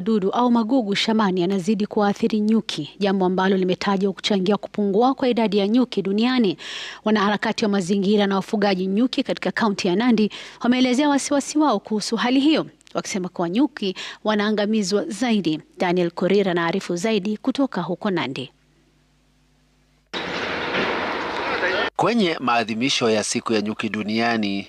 Dudu au magugu shambani yanazidi kuwaathiri nyuki, jambo ambalo limetajwa kuchangia kupungua kwa idadi ya nyuki duniani. Wanaharakati wa mazingira na wafugaji nyuki katika kaunti ya Nandi wameelezea wasiwasi wao kuhusu hali hiyo, wakisema kuwa nyuki wanaangamizwa zaidi. Daniel Korira anaarifu zaidi kutoka huko Nandi. Kwenye maadhimisho ya siku ya nyuki duniani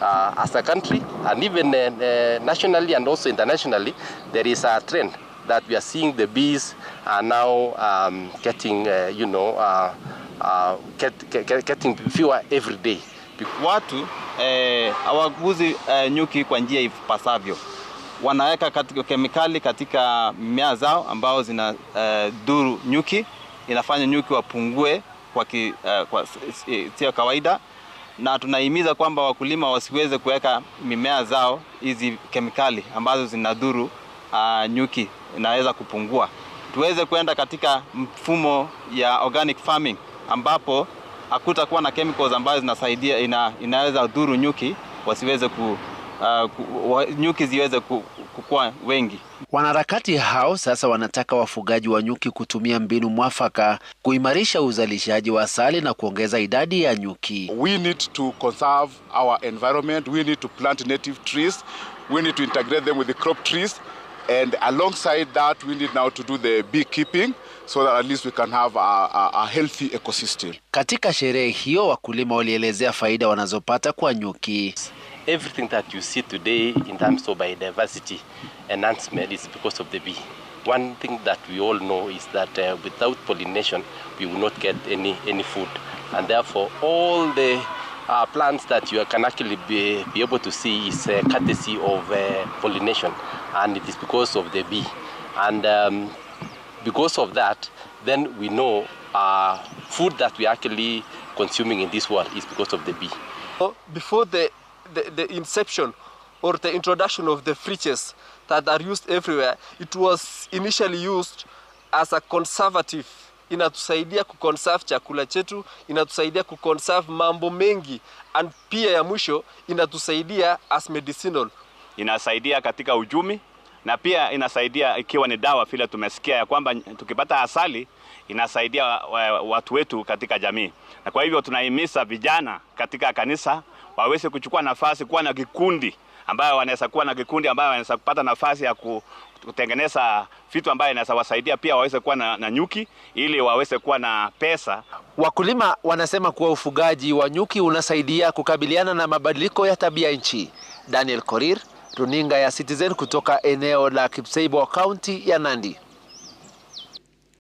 uh, as a country and even uh, uh, nationally and also internationally, there is a trend that we are seeing the bees are now um, getting, uh, you know, uh, uh, get, get, getting fewer every day. Watu eh, hawaguzi eh, nyuki kwa njia ipasavyo. Wanaweka katika kemikali katika mimea zao ambao zina eh, duru nyuki, inafanya nyuki wapungue kwa, ki, eh, kwa sio kawaida na tunahimiza kwamba wakulima wasiweze kuweka mimea zao hizi kemikali ambazo zinadhuru uh, nyuki inaweza kupungua. Tuweze kwenda katika mfumo ya organic farming ambapo hakutakuwa na chemicals ambazo zinasaidia ina, inaweza dhuru nyuki wasiweze ku uh, nyuki ziweze kukua wengi. Wanaharakati hao sasa wanataka wafugaji wa nyuki kutumia mbinu mwafaka kuimarisha uzalishaji wa asali na kuongeza idadi ya nyuki. We need to conserve our environment, we need to plant native trees, we need to integrate them with the crop trees and alongside that we need now to do the beekeeping so that at least we can have a, a, a healthy ecosystem. Katika sherehe hiyo wakulima walielezea faida wanazopata kwa nyuki. everything that you see today in terms of biodiversity enhancement is because of the bee. One thing that we all know is that uh, without pollination, we will not get any, any food. And therefore, all the uh, plants that you can actually be, be able to see is uh, courtesy of uh, pollination. And it is because of the bee. And um, because of that, then we know uh, food that we actually consuming in this world is because of the bee. Before the the, the inception or the introduction of the fridges that are used everywhere, it was initially used as a conservative inatusaidia kuconserve chakula chetu, inatusaidia kuconserve mambo mengi, and pia ya mwisho inatusaidia as medicinal, inasaidia katika ujumi na pia inasaidia ikiwa ni dawa, vile tumesikia ya kwamba tukipata asali inasaidia eh, watu wetu katika jamii, na kwa hivyo tunahimiza vijana katika kanisa waweze kuchukua nafasi, kuwa na kikundi ambayo wanaweza kuwa na kikundi ambayo wanaweza kupata nafasi ya kutengeneza vitu ambayo inaweza wasaidia pia waweze kuwa na, na nyuki ili waweze kuwa na pesa. Wakulima wanasema kuwa ufugaji wa nyuki unasaidia kukabiliana na mabadiliko ya tabia nchi. Daniel Korir, runinga ya Citizen kutoka eneo la Kipseibo, kaunti ya Nandi.